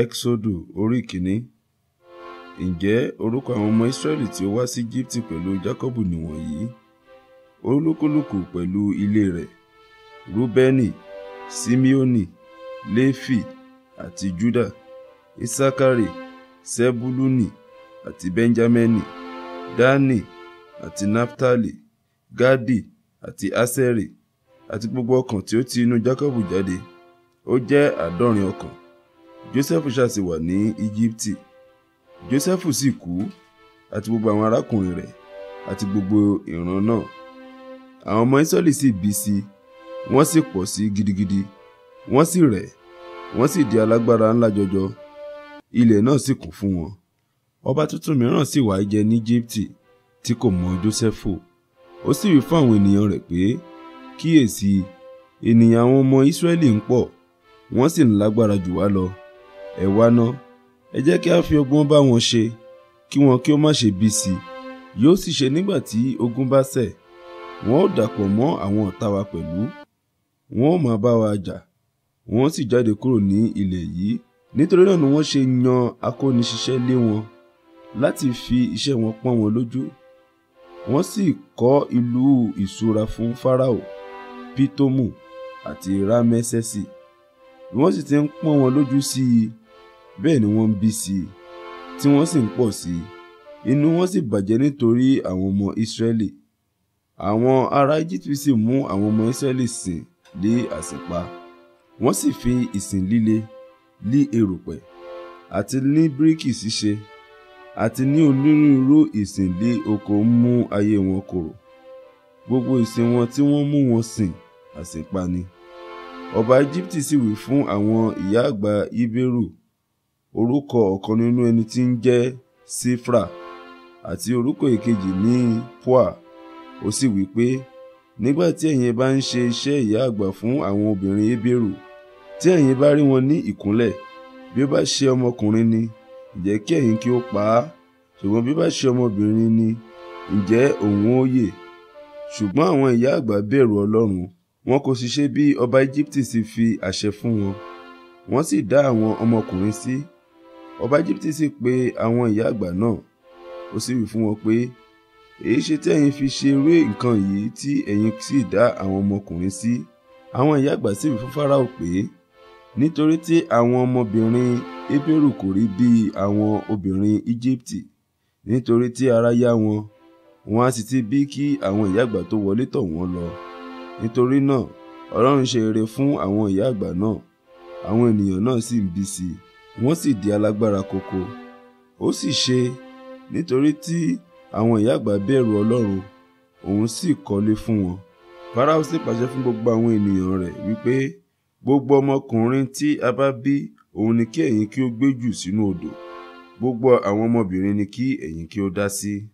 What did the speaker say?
ẹ́ksódù orí kìíní ǹjẹ́ orúkọ àwọn ọmọ ísírẹ́lì tí ó wá sí íjíbítì pẹ̀lú jákọ́bù nìwọ̀nyí olúkúlùkù pẹ̀lú ilé rẹ̀ rúbẹ́nì símíọ́nì léfì àti júdà isakari sẹ́búlúnì àti bẹ́ńjámínì dánì àti naftali gádì àti asẹ́rì àti gbogbo ọkàn tí ó ti inú jákọ́bù jáde ó jẹ́ àádọ́rin ọkàn joseph ṣàṣì wà ní íjíbítì joseph sì kú àti gbogbo àwọn arákùnrin rẹ̀ àti gbogbo ìran náà àwọn ọmọ israẹli sì bí sí wọ́n sì pọ̀ sí gidigidi wọ́n sì rẹ̀ wọ́n sì di alágbára ńlá jọjọ ilẹ̀ náà sì kún fún wọn ọba tuntun mìíràn sì wá jẹ ní íjíbítì tí kò mọ jósẹ́fù ó sì wí fún àwọn ènìyàn rẹ̀ pé kíyèsí ènìyàn àwọn ọmọ ísírẹ́lì ń pọ̀ wọ́n sì ń lágbára jù wá lọ ẹ wá ná ẹ jẹ́ kí a fi ọgbọ́n bá wọn ṣe kí wọn kí ó má ṣe bí sí i yóò sì ṣe nígbà tí ogun bá ṣẹ̀ wọn ó dàpọ̀ mọ́ àwọn ọ̀tá wa pẹ̀lú wọn ó máa bá wa jà wọn ó sì jáde kúrò ní ilẹ̀ yìí nítorí náà ni wọ́n ṣe yan akóniṣiṣẹ́ lé wọn láti fi iṣẹ́ wọn pọ́n wọn lójú wọ́n sì kọ́ ìlú ìṣúra fún Fáráò Pítómù àti Rámẹ́sẹ́sì wọ́n sì ti ń pọ́n wọn lójú sí i bẹ́ẹ̀ ni wọ́n ń bí sí i tí wọ́n sì ń pọ̀ sí i inú wọn sì bàjẹ́ nítorí àwọn ọmọ Ísírẹ́lì àwọn ará Egypt sì mú àwọn ọmọ Ísírẹ́lì sìn lé àsìpa wọ́n sì fi ìsìn líle lí erùpẹ̀ àti ní bíríkì ṣíṣe àti ní onírúurú ìsìn lé oko ń mú ayé wọn korò gbogbo ìsìn wọn tí wọ́n mú wọn sìn àsìpa ni ọba Íjíbítì sì wí fún àwọn ìyá àgbà Íbérù orúkọ ọ̀kan nínú ẹni tí ń jẹ́ sífra àti orúkọ èkejì ní pua ó sì wí pé nígbà tí ẹ̀yin bá ń ṣe iṣẹ́ ìyá àgbà fún àwọn obìnrin hébérù tí ẹ̀yin bá rí wọn ní ìkúnlẹ̀ bí ó bá ṣe ọmọkùnrin ni ǹjẹ́ kí ẹ̀yin kí ó pa á ṣùgbọ́n bí ó bá ṣe ọmọbìnrin ni ǹjẹ́ òun ó yè ṣùgbọ́n àwọn ìyá àgbà bẹ̀rù ọlọ́run wọn kò sì ṣe bí ọba Íjíbítì sì fi àṣẹ fún wọn wọ́n sì dá àwọn ọmọkùnrin sí ọba Íjíbítì sì pe àwọn ìyá àgbà náà ó sì wí fún wọn pé èyí ṣe tí ẹ̀yin fi ṣe eré nǹkan yìí tí ẹ̀yin sì dá àwọn ọmọkùnrin sí àwọn ìyá àgbà sì wí fún Fáráò pé nítorí tí àwọn ọmọbìnrin Hébérù kò rí bí àwọn obìnrin Íjíbítì nítorí tí ara yá wọn wọn a sì ti bí kí àwọn ìyá àgbà tó wọlé tọ̀ wọ́n lọ nítorí náà Ọlọ́run ṣe ère fún àwọn ìyá àgbà náà àwọn ènìyàn náà sì ń bí sí i wọ́n sì di alágbára koko ó sì ṣe nítorí tí àwọn ìyá àgbà bẹ̀rù ọlọ́run òun sì kọ́lé fún wọn farao sì pàṣẹ fún gbogbo àwọn ènìyàn rẹ̀ wípé gbogbo ọmọkùnrin tí a bá bí òun ni kí ẹ̀yin kí ó gbé jù sínú odò gbogbo àwọn ọmọbìnrin ni kí ẹ̀yin kí ó dá sí. Si.